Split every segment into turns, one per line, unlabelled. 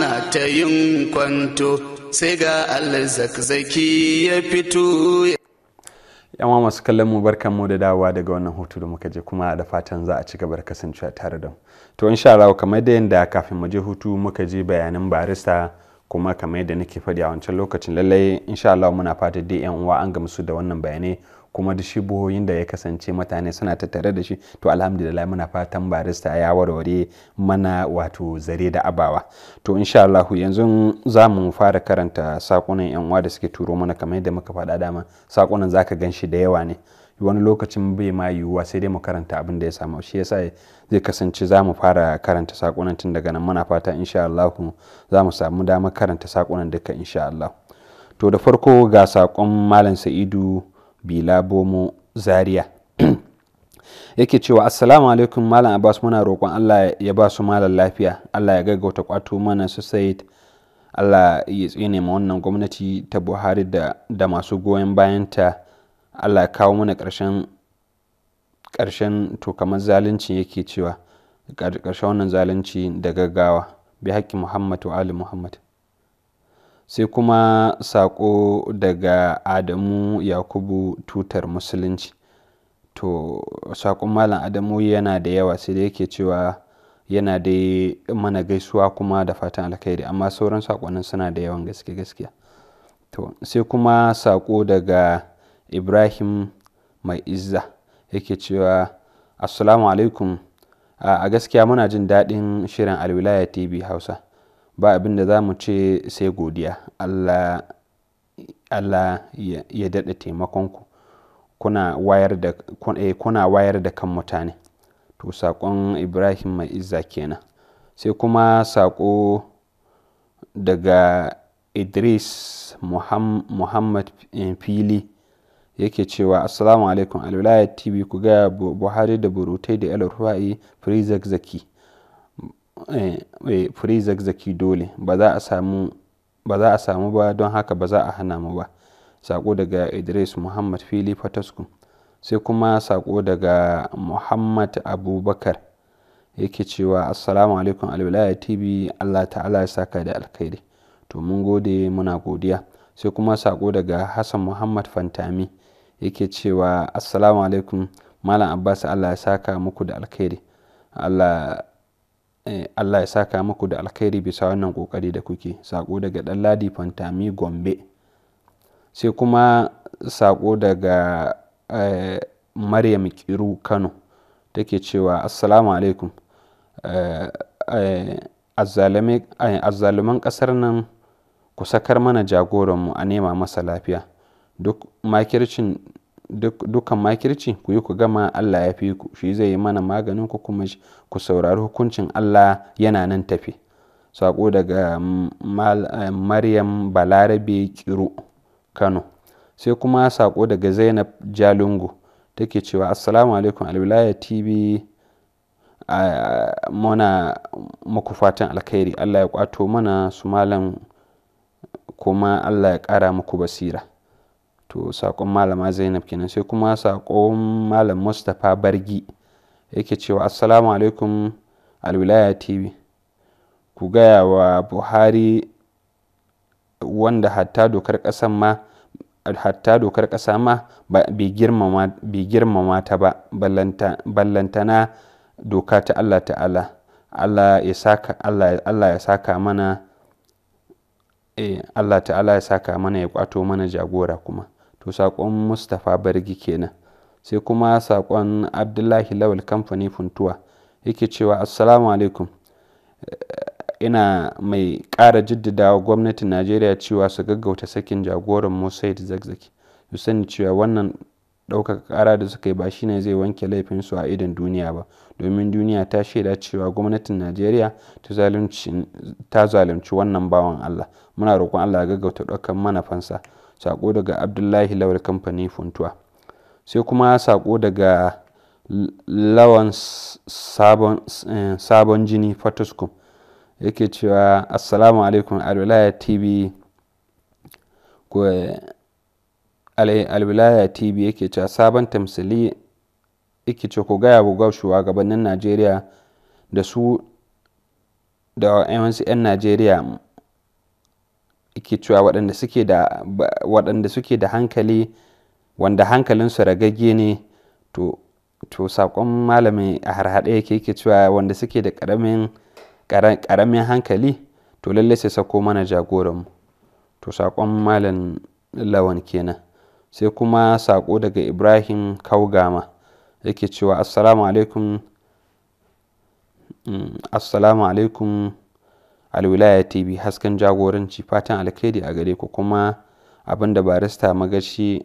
na ta yin kwanto sai ga alzakzaki ya fito yawa masu kallon mu barkan mu da dawowa daga wannan hutu da muka je kuma da fatan za a ci gaba da kasancewa tare da mu to sha Allah kamar da yanda kafin mu je hutu muka je bayanan barista kuma kamar yadda nake faɗi a wancan lokacin lallai sha Allah muna fatan da yan uwa an gamsu da wannan bayanai kuma da shi buhoyin da ya kasance mutane suna tattare da shi to alhamdulillah muna fatan barista ya warware mana wato zare da abawa to insha Allah yanzu za mu fara karanta sakunan yan uwa da suke turo mana kamar yadda muka faɗa dama sakunan zaka gan shi da yawa ne wani lokacin bai ma yiwuwa sai dai mu karanta abin da ya samu shi yasa zai kasance za mu fara karanta sakunan tun daga nan muna fata insha Allah za mu samu damar karanta sakunan duka insha Allah to da farko ga sakon malam Sa'idu bila bomo zaria yake cewa assalamu alaikum malam abbas muna roƙon allah ya ba su malam lafiya allah ya gaggauta kwato mana su sayid allah ya tsine ma wannan gwamnati ta buhari da masu goyon bayanta allah ya kawo mana ƙarshen to kamar zalunci yake cewa ƙarshen wannan zalunci da gaggawa bi haƙƙi muhammad wa ali muhammad sai kuma saƙo daga adamu yakubu tutar musulunci to saƙon malam adamu yana da yawa sai da yake cewa yana da mana gaisuwa kuma da fatan alkhairi amma sauran saƙonin suna da yawan gaske gaskiya to sai kuma sako daga ibrahim mai izza yake cewa assalamu alaikum a gaskiya muna jin daɗin shirin alwilaya tv hausa ba abin da za mu ce sai godiya allah ya daɗa taimakon ku wayar eh, kuna wayar da kan mutane to saƙon ibrahim mai izza kenan sai kuma saƙo daga idris muhammad eh, fili yake cewa assalamu alaikum alwilayat tv ku gaya buhari da burutai da el rufai zaki Eh, eh, free dole ba za a samu ba don haka ba za a hana mu ba sako daga idris muhammad fili fatasku sai kuma sako daga muhammad abubakar yake cewa assalamu alaikum alwilaya tv allah ta'ala ya saka da alkhairi to mun gode muna godiya sai kuma sako daga hassan muhammad fantami yake cewa assalamu alaikum malam abbas allah ya saka muku da alkhairi Eh, Allah ya saka muku da alkhairi bisa wannan kokari da kuke sako daga dan ladi fantami gombe sai kuma sako daga eh, maryam kiru kano take cewa assalamu alaikum eh, azzaluman kasar nan ku sakar mana jagoranmu a nema masa lafiya duk makircin dukkan makirci ku yi ku gama Allah ya fi ku shi zai yi mana maganin ku kuma ku saurari hukuncin Allah yana nan tafi sako daga mm, eh, Maryam Balarabe Kiro Kano sai kuma sako daga Zainab Jalungu take cewa assalamu alaikum alwilaya tv muna muku fatan alkhairi Allah ya kwato mana su malam kuma Allah ya ƙara muku basira to saƙon malama zainab kenan sai kuma saƙon malam mustapha bargi yake cewa assalamu alaikum alwilaya tv ku gaya wa buhari wanda hatta dokar ƙasa ma hatta dokar ƙasa ma bai girmama ta ba ballantana doka ta allah ta'ala allah ya saka mana eh, allah ta'ala ya saka mana ya kwato mana jagora kuma to saƙon mustapha bargi kenan sai kuma saƙon abdullahi lawal kamfani funtuwa yake cewa assalamu alaikum eh, ina mai ƙara jaddadawa gwamnatin najeriya cewa su gaggauta sakin jagoran musaid zagzaki su sani cewa wannan ɗaukaka ƙara da suka yi ba shine zai wanke laifinsu a idon duniya ba domin duniya ta shaida cewa gwamnatin najeriya ta zalunci wannan bawan allah muna roƙon allah gaggauta ɗaukar mana fansa sako daga abdullahi lawal kamfani funtuwa sai kuma sako daga lawan sabon eh, jini fatuskum yake cewa assalamu alaikum alwilaya tv alwilaya tv yake cewa sabon tamsili yake ce ko gaya wa shugabannin najeriya da su da 'yan najeriya yake cewa waɗanda suke da waɗanda suke da hankali wanda hankalinsu ragagge ne to to saƙon malamin a harhaɗe yake yake cewa wanda suke da ƙaramin ƙaramin hankali to lalle sai sako mana jagoranmu to saƙon malam lawan kenan sai kuma saƙo daga ibrahim kaugama yake cewa assalamu alaikum mm, assalamu alaikum alwilaya tv hasken jagoranci fatan alkhairi a gare ku kuma abin da barista magashi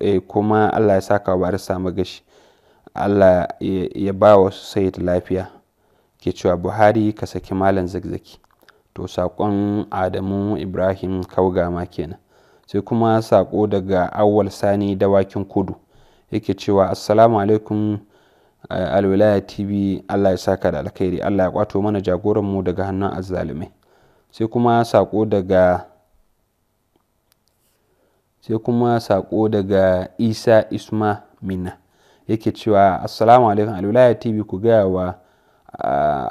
e, kuma allah ya saka wa barista magashi allah ya ba wa da lafiya ke cewa buhari ka saki malam zakzaki to saƙon adamu ibrahim kaugama kenan sai kuma saƙo daga awwal sani dawakin kudu yake cewa assalamu alaikum alwilaya tv allah ya saka da alkhairi allah ya kwato mana mu daga hannun azzalume sai kuma sako daga sai kuma sako daga isa isma mina yake cewa assalamu alaikum alwilaya tv ku gaya wa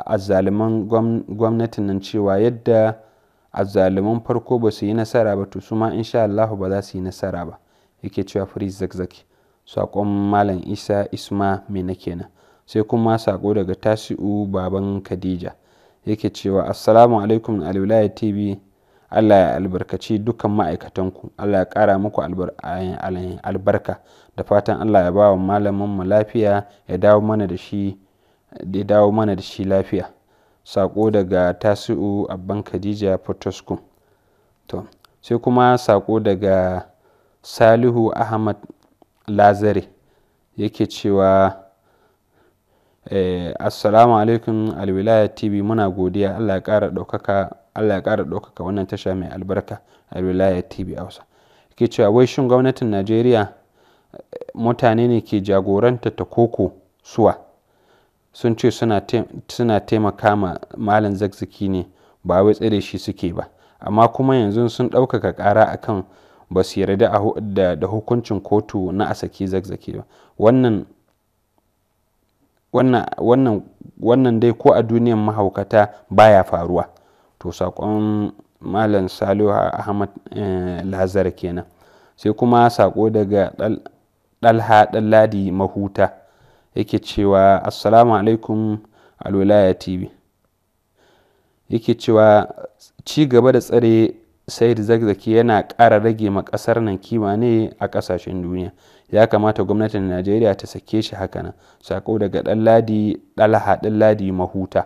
azzaliman gwamnatin nan cewa yadda azzaluman farko ba su yi nasara ba to su ma insha allahu ba za su yi nasara ba yake cewa free zakzaki saƙon malam isa isma mena kenan sai kuma saƙo daga tasi'u baban khadija yake cewa assalamu alaikum alwilaya tv allah ya albarkaci dukkan ma'aikatanku allah ya ƙara muku albarka da fatan allah ya ba wa malamin mu lafiya ya dawo mana da shi lafiya saƙo daga tasi'u abban khadija photoscope to sai kuma saƙo daga salihu ahmad lazare yake cewa eh, assalamu alaikum alwilaya tv muna godiya allah ya kara ɗaukaka allah ya kara daukaka wannan tasha mai albarka alwilaya tv hausa ke cewa wai shin gwamnatin najeriya eh, mutane ne ke jagoranta ta koko suwa sun ce suna taimaka ma malam zakzaki ne ba wai tsare shi suke ba amma kuma yanzu sun ɗaukaka ƙara akan ba su yarda da, hukuncin kotu na a saki ba wannan dai ko a duniyan mahaukata baya faruwa to saƙon malam salihu ahmad eh, lazar kenan sai kuma saƙo daga ɗalha ɗalladi mahuta yake cewa assalamu alaikum alwilaya tv yake cewa ci gaba da tsare da zagzaki yana ƙara rage ma ƙasar nan kima ne a ƙasashen duniya ya kamata gwamnatin najeriya ta sake shi hakanan sako daga ɗan ladi ɗalaha ɗan ladi mahuta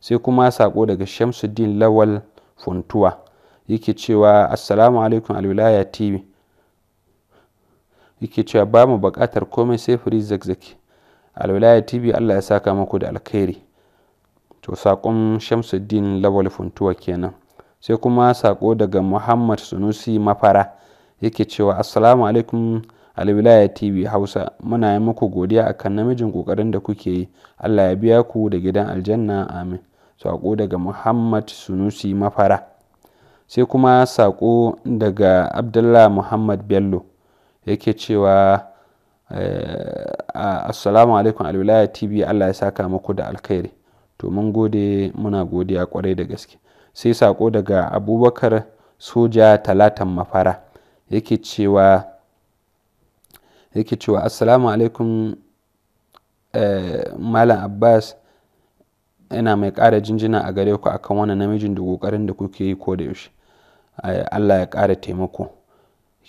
sai kuma sako daga shamsuddin lawal funtuwa yake cewa assalamu alaikum alwilaya tv yake cewa ba mu buƙatar komai sai firi zagzaki alwilaya tv allah ya saka muku da alkhairi to saƙon shamsuddin lawal funtuwa kenan sai kuma sako daga muhammad sunusi mafara yake cewa assalamu alaikum alwilaya tv hausa muna yi muku godiya akan namijin kokarin da kuke yi allah ya biya ku da gidan aljanna amin sako daga muhammad sunusi mafara sai kuma sako daga abdullah muhammad bello yake cewa eh, assalamu alaikum alwilaya tv allah ya saka muku da alkhairi to mun gode muna godiya kwarai da gaske sai sako daga abubakar soja talatan mafara yake cewa yake cewa assalamu alaikum eh, malam abbas yana mai ƙara jinjina a gare ku akan wani namijin da ƙoƙarin da kuke yi ko da yaushe eh, allah ya ƙara taimako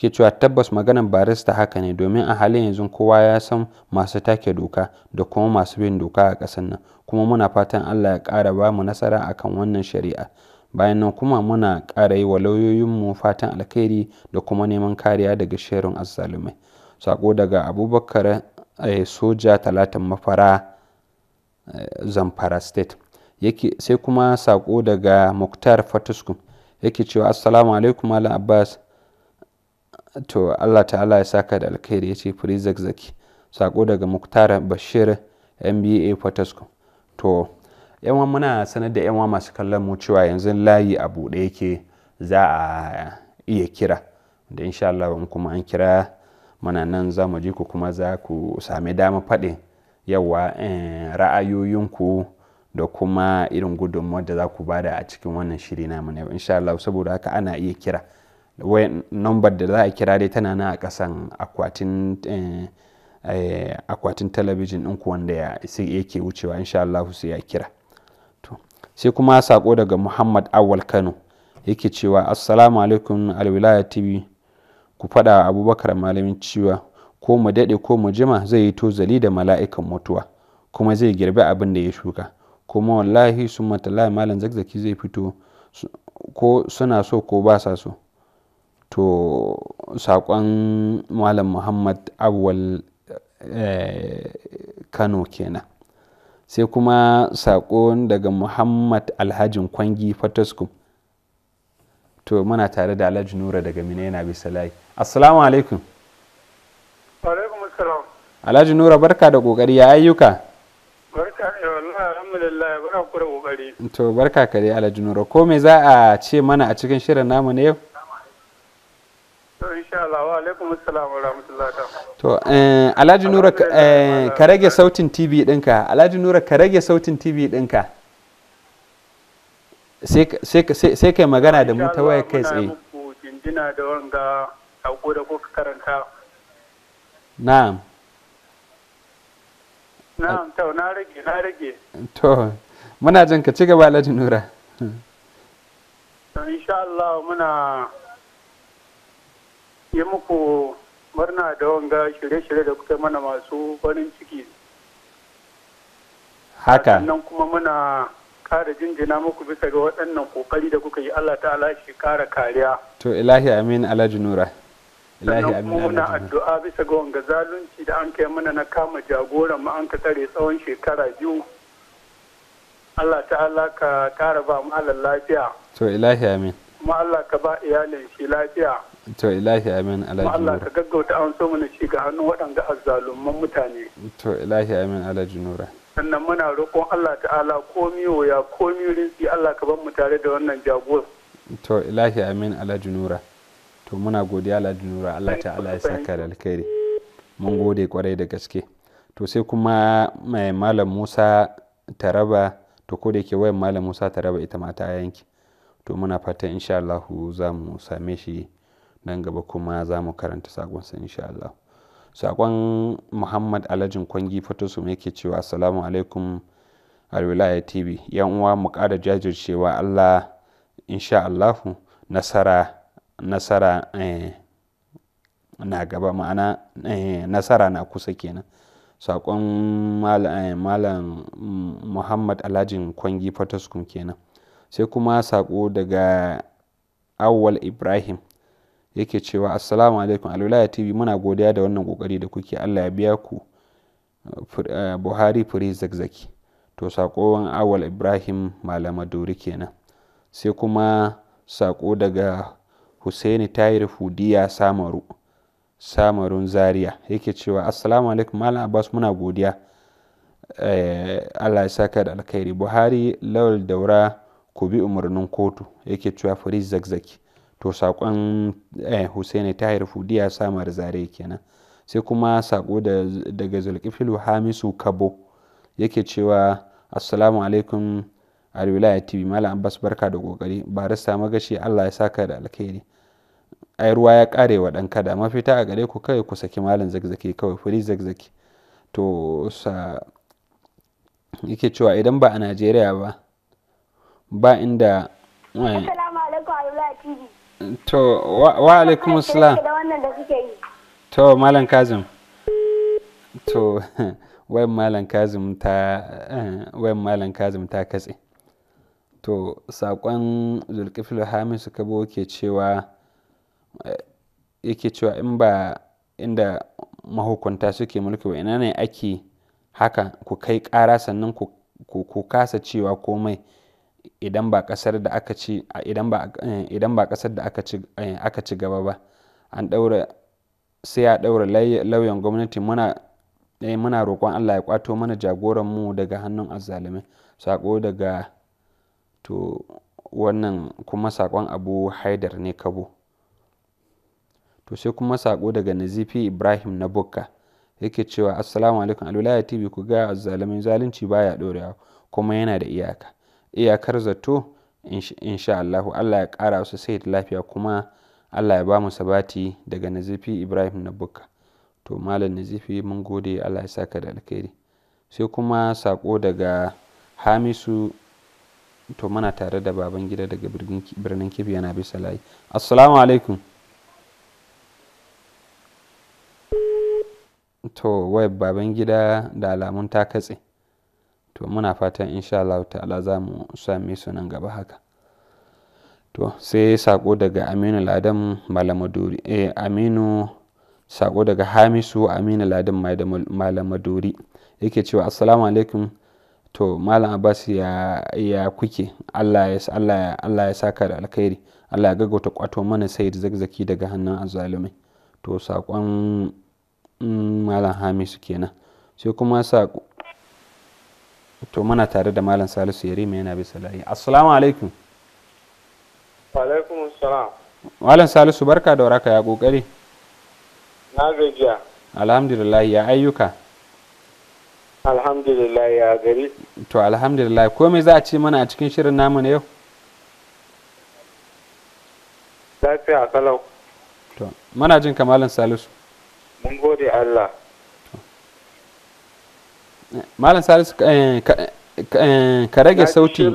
ke cewa tabbas maganar barista haka ne domin a halin yanzu kowa ya san masu take doka da kuma masu bin doka a ƙasar nan kuma muna fatan allah ya ƙara ba mu nasara akan wannan shari'a bayan nan kuma muna ƙara yi wa lauyoyinmu fatan alkhairi da kuma neman kariya daga shirin azzalumai sako daga abubakar eh, soja talatin mafara eh, zamfara state sai kuma sako daga muktar fatusku yake cewa assalamu alaikum ala abbas to allah ta'ala ya saka da alkhairi ya ce free zaki sako daga muktar bashir mba fatusku to yawan muna sanar da yawa masu kallon mu cewa yanzu layi a buɗe yake za a iya kira da insha Allah kuma an kira mana nan za mu ji ku kuma za ku sami dama faɗin yawa eh, ra'ayoyinku da kuma irin gudunmuwar da za ku bada a cikin wannan shiri na mana yau insha Allah saboda haka ana iya kira nambar da za a kira dai tana nan a kasan eh, eh, akwatin talabijin ɗinku wanda yake wucewa insha Allah sai ya kira sai kuma sako daga muhammad awal kano yake cewa assalamu alaikum alwilaya tv ku faɗa abubakar malamin cewa ko mu daɗe ko mu jima zai yi tozali da mala'ikan mutuwa kuma zai girbi abin da ya shuka kuma wallahi sun matala malam zakzaki zai fito ko suna so ko ba sa so to saƙon malam muhammad awal eh, kano kenan sai kuma saƙo daga muhammad alhajin kwangi fataskum to muna tare da alhaji nura daga yana bisa layi assalamu alaikum alhaji nura barka da kokari ya ayyuka
barka eh, alhamdulillah ya ku kokari
to barka ka dai alhaji nura ko me za a ce mana a cikin shirin namu na yau To, eh, Alhaji Nura eh, ka rage sautin TV ɗinka, Alhaji Nura ka rage sautin TV ɗinka. Sai kai magana da mutu waya kai tsaye.
jinjina da wanga sako da kuka karanta. Na'am. Na'am, to na rage, na rage.
To, muna jinka ci gaba Alhaji Nura. To,
insha Allah muna yi muku murna da wanga shirye-shirye da kuka mana masu farin ciki haka nan kuma muna kara jinjina muku bisa ga waɗannan kokari da kuka yi Allah ta'ala shi kara kariya
to ilahi amin alhaji nura ilahi amin muna addu'a
bisa ga wanga zalunci da an kai mana na kama jagoran mu an ka tare tsawon shekara biyu Allah ta'ala ka kara ba mu lafiya
to ilahi amin
kuma Allah ka ba iyalin shi lafiya
to ilahi amin alaji Allah ka
gaggauta an so mana shi ga hannun waɗanda azzalumman mutane
to ilahi amin alaji nura
sannan muna roƙon Allah ta'ala komi ya komi rinsi Allah ka bar mu tare da wannan jagor
to ilahi amin alaji nura to muna godiya alaji nura Allah ta'ala ya saka da alkhairi mun gode kwarai da gaske to sai kuma mai malam Musa Taraba to ko da yake wayan malam Musa Taraba ita ma ta yanki to muna fatan insha Allah za mu same shi nan gaba kuma za mu karanta sakonsa insha Allah sakon muhammad alhajin kwangi fatosum yake cewa assalamu alaikum alwilaya tv yan uwa mu ƙara jajircewa allah insha Allah nasara nasara eh, na gaba ma'ana eh, nasara na kusa kenan sakon eh, malam muhammad alhajin kwangi fatosum kenan sai kuma sako daga awwal ibrahim yake cewa assalamu alaikum alwilaya tv muna godiya da wannan kokari da kuke allah ya biya ku eh, buhari firi zakzaki to sakon awal ibrahim dori kenan sai kuma sako daga husaini tayir hudiya samaru samarun zaria yake cewa assalamu alaikum malam abbas muna godiya eh, allah ya saka da alkhairi buhari lawal daura ku bi umarnin kotu yake cewa firi zakzaki to saƙon eh, husaini tahir fudiya samar zare kenan sai kuma saƙo daga zulkifilu hamisu kabo yake cewa assalamu alaikum alwilaya tv malam abbas barka da kokari barista magashi allah ya saka da alkhairi ai ruwa ya kare wa dan kada mafita a gare ku kawai ku saki malam zakzaki kawai firi zakzaki to sa yake cewa idan ba a najeriya ba ba inda eh, assalamu
alaikum alwilaya tv
to wa alaikum salam to malam kazim to wayan malam kazim ta eh, wayan malam kazim ta katse to saƙon zulkifil hamisu kabo ke cewa eh, yake cewa in ba inda mahukunta suke mulki ina ne ake haka ku kai ƙara sannan ku kasa cewa komai idan ba kasar da aka ci eh, idan ba kasar da aka ci eh, gaba ba an daura sai a daura lauyan gwamnati muna eh, muna roƙon Allah ya kwato mana jagoran mu daga hannun azzalumai sako daga to wannan kuma sakon abu haidar ne kabo to sai kuma sako daga nazifi ibrahim na bukka yake cewa assalamu alaikum alwilaya tv ku ga zalimin zalunci baya dorewa kuma yana da iyaka iyakar zato insha Allahu Allah ya ƙara su sai lafiya kuma Allah ya ba mu sabati daga Nazifi Ibrahim na buka to malam Nazifi mun gode Allah ya saka da alkhairi sai kuma sako daga Hamisu to muna tare da baban gida daga birnin Kebbi yana bisa layi assalamu alaikum to wai baban gida da alamun ta katse to muna fatan insha Allah ta'ala za mu same su nan gaba haka to sai sako daga aminu ladan malamaduri eh aminu sako daga hamisu aminu ladan malamaduri yake cewa assalamu alaikum to malam abbas ya, ya kuke allah ya allah allah ya saka da alkhairi allah ya gaggauta kwato mana said zakzaki daga hannun azzalumai to sakon mm, malam hamisu kenan sai kuma sako to mana tare da malam salisu yarima yana bisa layi assalamu alaikum
alaikum salam
malam salisu barka da waraka ya kokari
na gajiya
alhamdulillah ya ayyuka
alhamdulillah ya gari
to alhamdulillah Kome za a ce mana a cikin shirin namu na yau
lafiya kalau
to mana jin Malam salisu
mun gode allah
malam salisu eh, eh, eh, ka rage sauti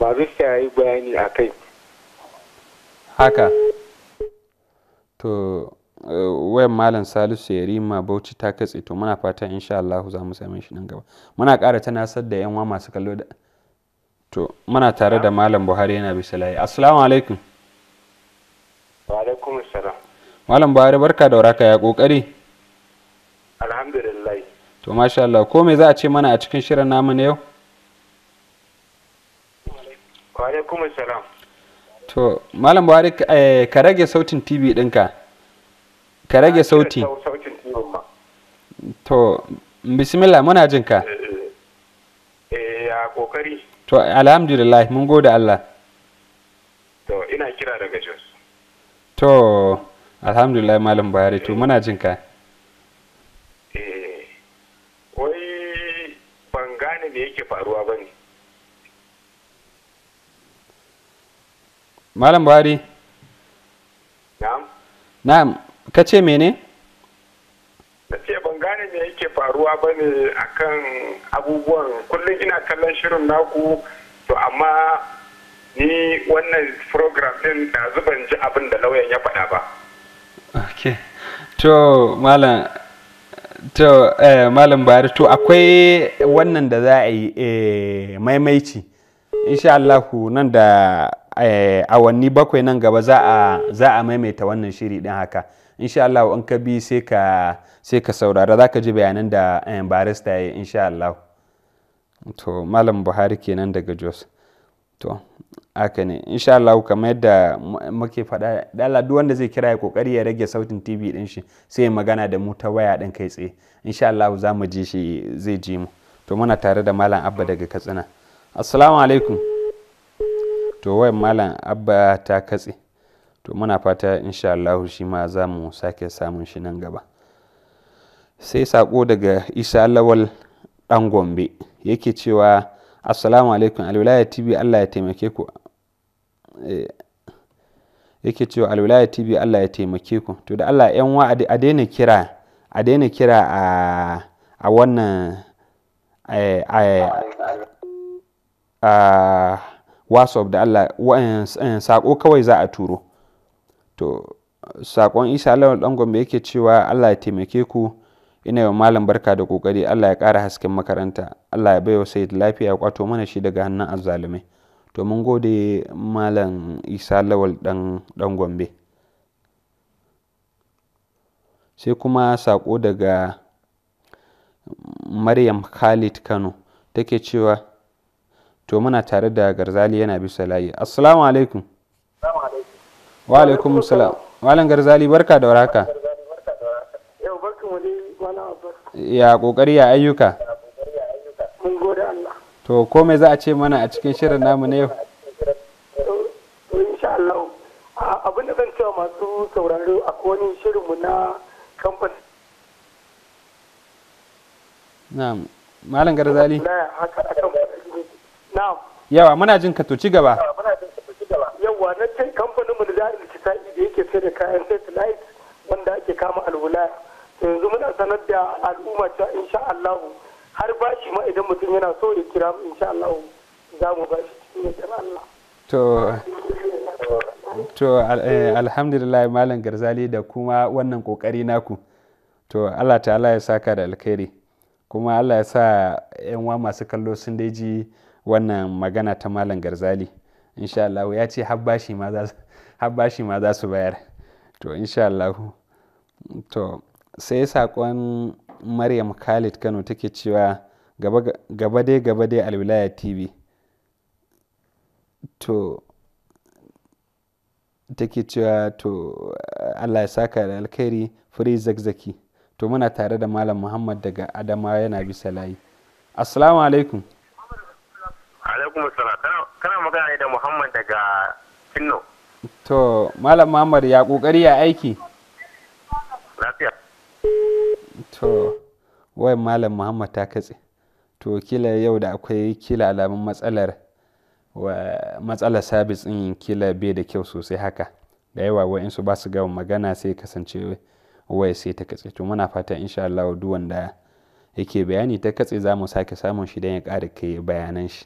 ba zai ka yi bayani a kai
haka to wayan malam salisu ya rima bauchi ta katse to muna fatan insha Allah za mu same shi nan gaba muna ƙara nasar da yan masu kallo da to muna tare da malam buhari yana bisa layi assalamu alaikum
wa alaikum assalam
malam buhari barka da waraka ya kokari to masha Allah ko me za a ce mana a cikin shirin namu na yau
wa alaikum assalam
to malam buhari ka eh, rage sautin tv ɗinka ka rage sauti to bismillah muna jin ka
eh, eh, kokari
to alhamdulillah mun gode Allah
to ina kira daga jos
to alhamdulillah malam buhari to muna jin ka
da yake faruwa ba ne
malam buhari na'am na'am ka ce mene
na ce ban gane me yake faruwa ba ne akan abubuwan kullum ina kallon shirin naku to amma ni wannan program ɗin da zuban ji abin da lauyan ya faɗa ba
okay to malam to eh, malam bari to akwai wannan da za a yi eh, maimaici insha Allah nan da eh, awanni bakwai nan gaba za a maimaita wannan shiri din haka insha Allah in ka bi sai ka sai ka saurara za ka ji bayanan da barista ya yi insha Allah to malam buhari kenan daga jos to haka ne insha Allah kamar yadda muke faɗa Allah duk wanda zai kira ya kokari ya rage sautin TV din shi sai ya magana da mu ta waya din kai tsaye insha Allah za mu ji shi zai ji mu to muna tare da malam Abba daga Katsina assalamu alaikum to wayan malam Abba ta katse to muna fata insha Allah shi ma za mu sake samun shi nan gaba sai sako daga Isa Lawal dan Gombe yake cewa assalamu alaikum alwilaya tv allah ya taimake ku eh, yake cewa alwilaya tv allah ya taimake ku to da allah yan wa a daina kira a daina kira a wannan a whatsapp da allah eh, eh, sako kawai za a turo to sakon isa lawal dan gombe yake cewa allah ya taimake ku ina yau malam barka da kokari Allah ya kara hasken makaranta Allah ya baiwa Said lafiya ya kwato mana shi daga hannun azzalumai to mun gode malam Isa Lawal dan Gombe sai kuma sako daga Maryam Khalid Kano take cewa to muna tare da Garzali yana bisa layi assalamu alaikum wa alaikum salam malam Garzali barka da waraka ya kokari ya ayyuka to komai za a ce mana a cikin shirin namu na yau insha Allah abin na kamfani na'am malam yawa muna jin ka to ci gaba yawa na ce kamfaninmu da za'a da yake sai da kayan satellite
wanda ake kama alwulaya yanzu muna sanar da al'umma cewa insha Allah har shi ma idan mutum yana so ya kira mu insha Allah za mu bashi cikin yadda Allah
to to eh, alhamdulillah malam garzali da kuma wannan kokari naku to Allah ta'ala ya saka da alkhairi kuma Allah ya sa yan wa masu kallo sun dai ji wannan magana ta malam garzali insha Allah ya ce habbashi ma za su bayar to insha Allah to sai saƙon maryam khalid kano take cewa gaba dai gaba dai alwilaya tv to take cewa to allah ya saka da alkhairi free zakzaki to muna tare da malam muhammad daga adama yana bisa layi assalamu alaikum
alaikum kana magana ne da
muhammad daga finno.
to malam muhammad ya kokari ya aiki lafiya To, wai Malam Muhammad ta katse. To, kila yau da akwai kila alamun matsalar wa matsalar sabis ɗin kila be da kyau sosai haka. Da yawa su ba su gama magana sai kasance wai sai ta katse. To, muna fata insha Allah duk wanda yake bayani ta katse za mu sake samun shi don ya ƙara kai bayanan shi.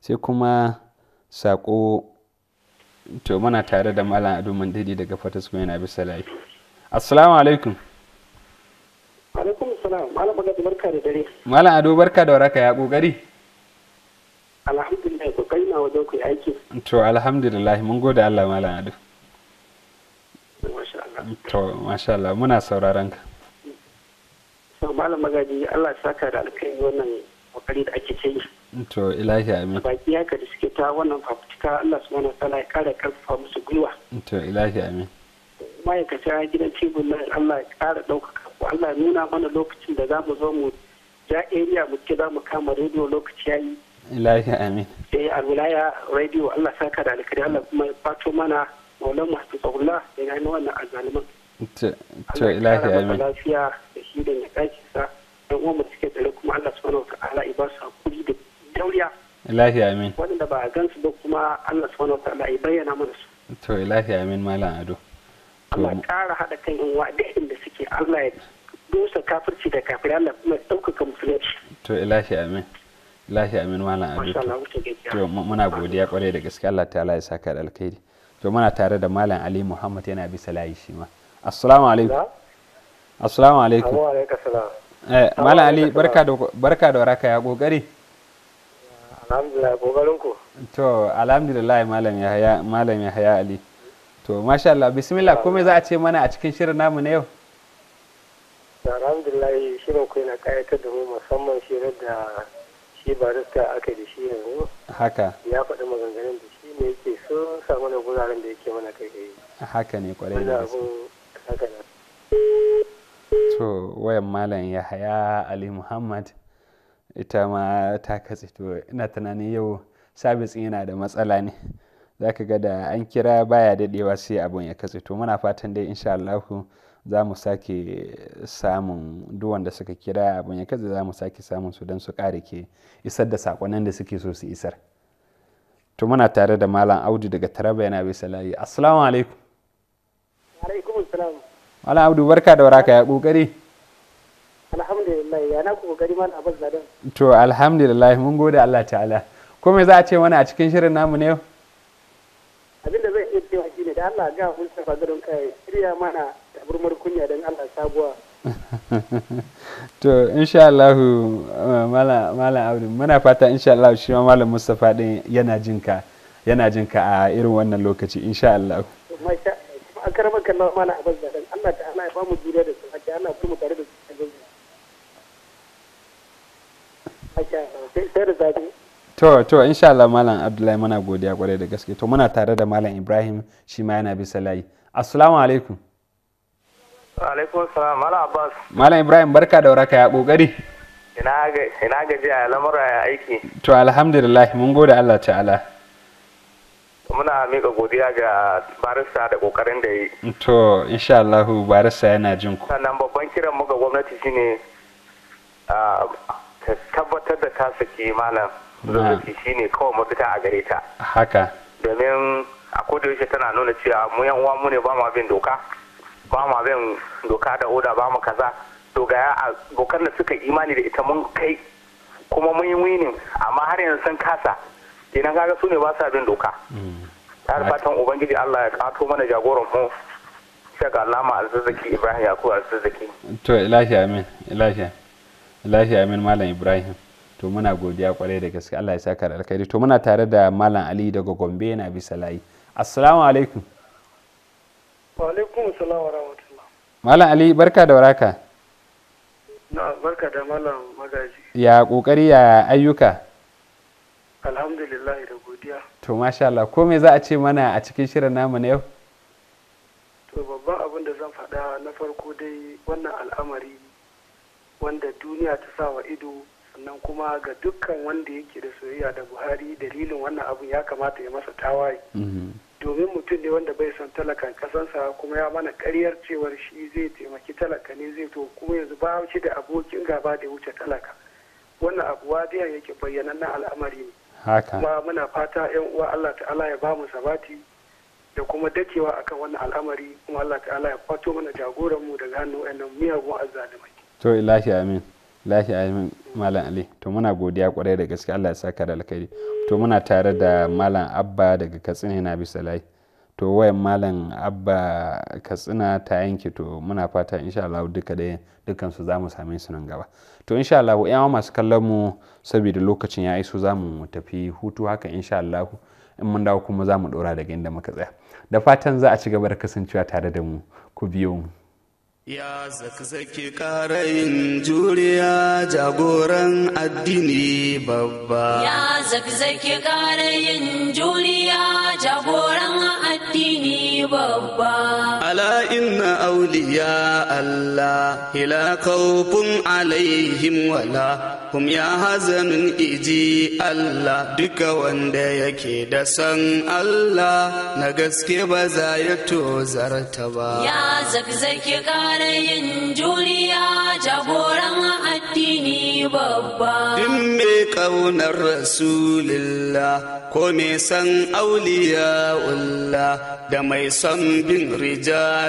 Sai kuma sako. to muna tare da Malam Ado Mandidi daga Fataskun yana bisa layi. Assalamu alaikum.
malam bagadu barka da dare
malam ado barka da waraka ya kokari
alhamdulillah kai na wajen ku aiki
to alhamdulillah mun gode Allah malam ado to masha Allah muna sauraron ka
so malam magaji Allah saka da alkai wannan kokari da ake ce.
yi to ilahi amin
baki haka da suke ta wannan fafutuka Allah mana wataala ya kara karfafa musu gwiwa
to ilahi amin
ma'aikata gidan cibin Allah ya kara ɗaukaka Allah nuna mana lokacin da za mu zo mu ja area mu ke za mu kama radio lokaci ya yi.
Ilahi amin.
Eh alwilaya radio Allah ka da alkari Allah kuma ya fato mana maulan masu tsahula da ya yi wannan azaliman.
To ilahi amin. Allah
lafiya da shi da ya kaji sa don uwa mutum ke tsare kuma Allah subhanahu wa ta'ala ya ba su hakuri da dauriya.
Ilahi amin.
Wanda ba a gansu ba kuma Allah subhanahu wa ta'ala ya bayyana mana su.
To ilahi amin malam Ado. Allah
kara hada kan in uwa da inda suke Allah ya dosa kafirci da kafir Allah kuma ɗaukaka musulunci
to ilahi amin ilahi amin malam abin to muna godiya kwarai da gaske Allah ta'ala ya saka da alkhairi to muna tare da malam Ali Muhammad yana bisa layi shi ma assalamu alaikum assalamu alaikum eh malam Ali barka da barka da waraka ya kokari
alhamdulillah kokarin ku
to alhamdulillah malam ya malam Ali to masha Allah bismillah ko me za a ce mana a cikin shirin namu na yau
alhamdulillah shirin ku yana kayatar da mu musamman shirin da shi barista aka da shi yanzu haka ya faɗi maganganun da shi ne yake so samu mana guraren da yake mana kai
haka ne kwarai da ne. to wayan malam yahaya ali muhammad ita ma ta katse to ina tunanin yau sabis yana da matsala ne za ka ga da an kira baya daɗewa sai abin ya katse to muna fatan dai insha Allah za mu sake samun duk wanda suka kira abin ya katse za mu sake samun su don su ƙare ke isar da saƙonan da suke so su isar to muna tare da malam audu daga taraba yana bisa layi assalamu alaikum
alaikum assalam
malam audu barka da waraka ya kokari
alhamdulillah ya na kokari man abaz zadan
to alhamdulillah mun gode Allah ta'ala ko me za a ce wani a cikin shirin namu ne yau
da cewa shi ne da Allah ga kai shirya mana kunya don Allah sabuwa.
to insha Allah mala Abdu muna fata insha Allah shi ma malam mustafa din yana jinka yana jinka a irin wannan lokaci insha Allah. to to insha Allah malam Abdullahi muna godiya kwarai da gaske to muna tare da malam Ibrahim shi ma yana bisa layi assalamu alaikum
alaikum salam malam Abbas
malam Ibrahim barka da waraka ya kokari
ina gajiya lamura ya aiki
to alhamdulillah mun gode Allah ta'ala
muna mika godiya ga barista da kokarin da yi.
To, insha Allah barista yana jin ku.
Sannan babban kiran mu ga gwamnati shine ah,
ta tabbatar da ta saki malam. shi ne kawai mafita a gare ta haka domin a kodayaushe tana nuna cewa mu yan uwa mu ne ba ma bin doka ba ma bin doka da oda ba mu kaza to ga abokan da suka imani da ita mun kai kuma mun yi winin amma har yanzu sun kasa idan kaga su ne ba sa bin doka
har mm. fatan ubangiji Allah ya kato mana jagoran mu shaka alama alzazzaki ibrahim yakubu alzazzaki
to ilahi amin ilahi ilahi amin malam ibrahim to muna godiya kwarai da gaske Allah ya saka da alkhairi to muna tare da malam Ali daga Gombe na bisa layi assalamu alaikum
wa alaikum assalam wa rahmatullah
malam Ali barka da waraka
na barka da malam magaji
ya kokari ya ayyuka
alhamdulillah da godiya
to masha Allah ko me za a ce mana a cikin shirin namu na yau
to babban abin da zan faɗa na farko dai wannan al'amari wanda duniya ta sa wa ido sannan kuma ga dukkan wanda yake da soyayya da buhari dalilin wannan abu ya kamata ya masa tawaye mm-hmm. domin mutum ne wanda bai san talakan kasansa kuma ya mana karyar cewar shi zai taimaki talaka ne zai to kuma yanzu ba shi da abokin gaba da wuce talaka wannan abu wadiyan yake na al'amari ne kuma muna fata yan uwa Allah ta'ala ya ba mu sabati da kuma dakewa akan wannan al'amari kuma Allah ta'ala ya kwato mana jagoran mu daga hannun wayannan miyagun azzalumai
to ilahi amin Lahi amin Malam Ali. To muna godiya kwarai da gaske Allah ya saka da alkhairi. To muna tare da Malam Abba daga Katsina na bisa layi. To wayan Malam Abba Katsina ta yanke to muna fata insha Allah duka da dukkan su zamu same su nan gaba. To insha Allah ƴan masu kallon mu saboda lokacin ya iso zamu tafi hutu haka insha Allah in mun dawo kuma zamu dora daga inda muka tsaya. Da fatan za a ci gaba da kasancewa tare da mu ku biyo mu.
Ya ƙara karayin juriya jagoran addini babba. Ya ƙara karayin juriya jagoran addini babba
ala inna awliya allah ila khawfun alaihim wala kum ya hazanin iji allah duka wanda yake da san allah na gaske ba za ya tozarta ba ya zakzaki kara yin juriya jagoran addini
babba. Din me ƙaunar Rasulillah ko me san auliya da mai son bin rijal.